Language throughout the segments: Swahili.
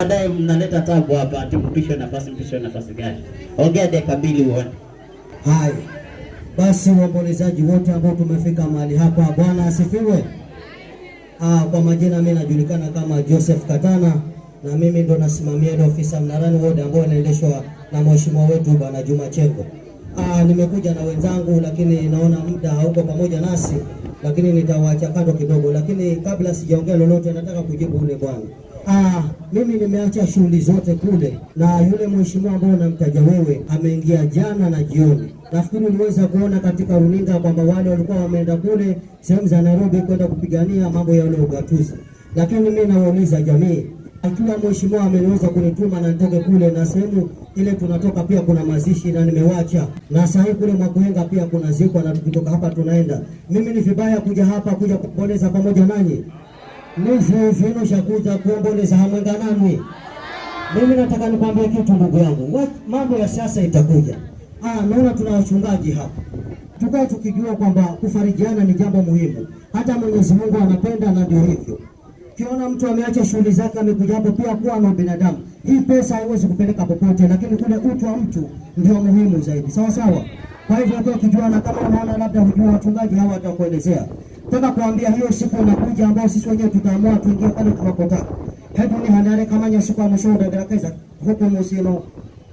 baadaye mnaleta tabu hapa, ati nafasi, Mpishwe nafasi gani? Ongea dakika mbili uone. Haya basi, waombolezaji wote ambao tumefika mahali hapa, Bwana asifiwe. Ah, kwa majina mimi najulikana kama Joseph Katana na mimi ndo nasimamia ile ofisi ya Mnarani Ward ambayo inaendeshwa na mheshimiwa wetu Bwana Juma Chengo. Ah, nimekuja na wenzangu lakini naona muda hauko pamoja nasi, lakini nitawaacha kando kidogo, lakini kabla sijaongea lolote nataka kujibu ule bwana Ah, mimi nimeacha shughuli zote kule, na yule mheshimiwa ambaye unamtaja wewe ameingia jana na jioni. Nafikiri uliweza kuona katika runinga kwamba wale walikuwa wameenda kule sehemu za Nairobi kwenda kupigania mambo ya ule ugatuzi, lakini mimi nawauliza jamii, akiwa mheshimiwa ameweza kunituma na nitoke kule, na sehemu ile tunatoka pia kuna mazishi na nimewacha, na saa hii kule Mwakuhenga pia kuna ziko, na tukitoka hapa tunaenda. Mimi ni vibaya kuja hapa kuja kupoleza pamoja nanyi? mizizinu shakuja kuomboleza hamwenda nami. Mimi nataka nikwambie kitu ndugu yangu, mambo ya siasa itakuja. Ah, naona tuna wachungaji hapa, tukawa tukijua kwamba kufarijiana ni jambo muhimu, hata Mwenyezi Mungu anapenda na ndio hivyo. Ukiona mtu ameacha shughuli zake amekuja hapo, pia kuwa na binadamu. Hii pesa haiwezi kupeleka popote, lakini kule utu wa mtu ndio muhimu zaidi, sawa sawa. Kwa hivyo na kama unaona labda hujua, wachungaji hawa watakuelezea tena kuambia hiyo siku unakuja, ambao sisi wenyewe tutaamua tuingie pale tunakotaka. Hebu ni hanare kama nyasuka mwisho udadarakiza huko musino,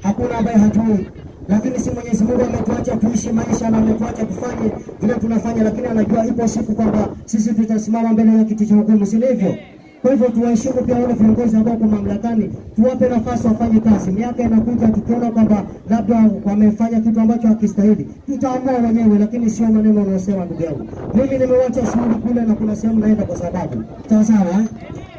hakuna ambaye hatui lakini si Mwenyezi Mungu ametuacha tuishi maisha na ametuacha tufanye vile tunafanya, lakini anajua ipo siku kwamba sisi tutasimama mbele ya kiti cha hukumu, si ndivyo? Kwa hivyo tuwaheshimu pia wale viongozi ambao kwa mamlakani, tuwape nafasi wafanye kazi. Miaka inakuja tukiona kwamba labda wamefanya kitu ambacho hakistahili, tutaamua wenyewe, lakini sio maneno unayosema ndugu yangu. Mimi nimewacha shughuli kule na kuna sehemu naenda kwa sababu sawa sawa. Eh?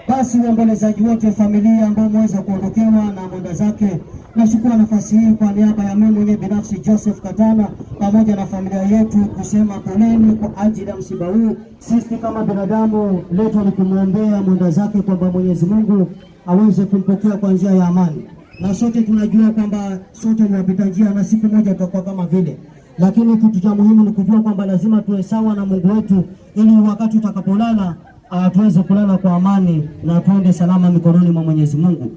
Basi uombolezaji wote, familia ambao umeweza kuondokewa na mwenda zake, nashukuru nafasi hii kwa niaba ya mimi mwenyewe binafsi Joseph Katana pamoja na familia yetu kusema poleni kwa ajili ya msiba huu. Sisi kama binadamu letu ni kumwombea mwenda zake kwamba Mwenyezi Mungu aweze kumpokea kwa njia ya amani na sote tunajua kwamba sote ni wapita njia na siku moja tutakuwa kama vile, lakini kitu cha muhimu ni kujua kwamba lazima tuwe sawa na Mungu wetu, ili wakati utakapolala ah, tuweze kulala kwa amani na tuende salama mikononi mwa Mwenyezi Mungu.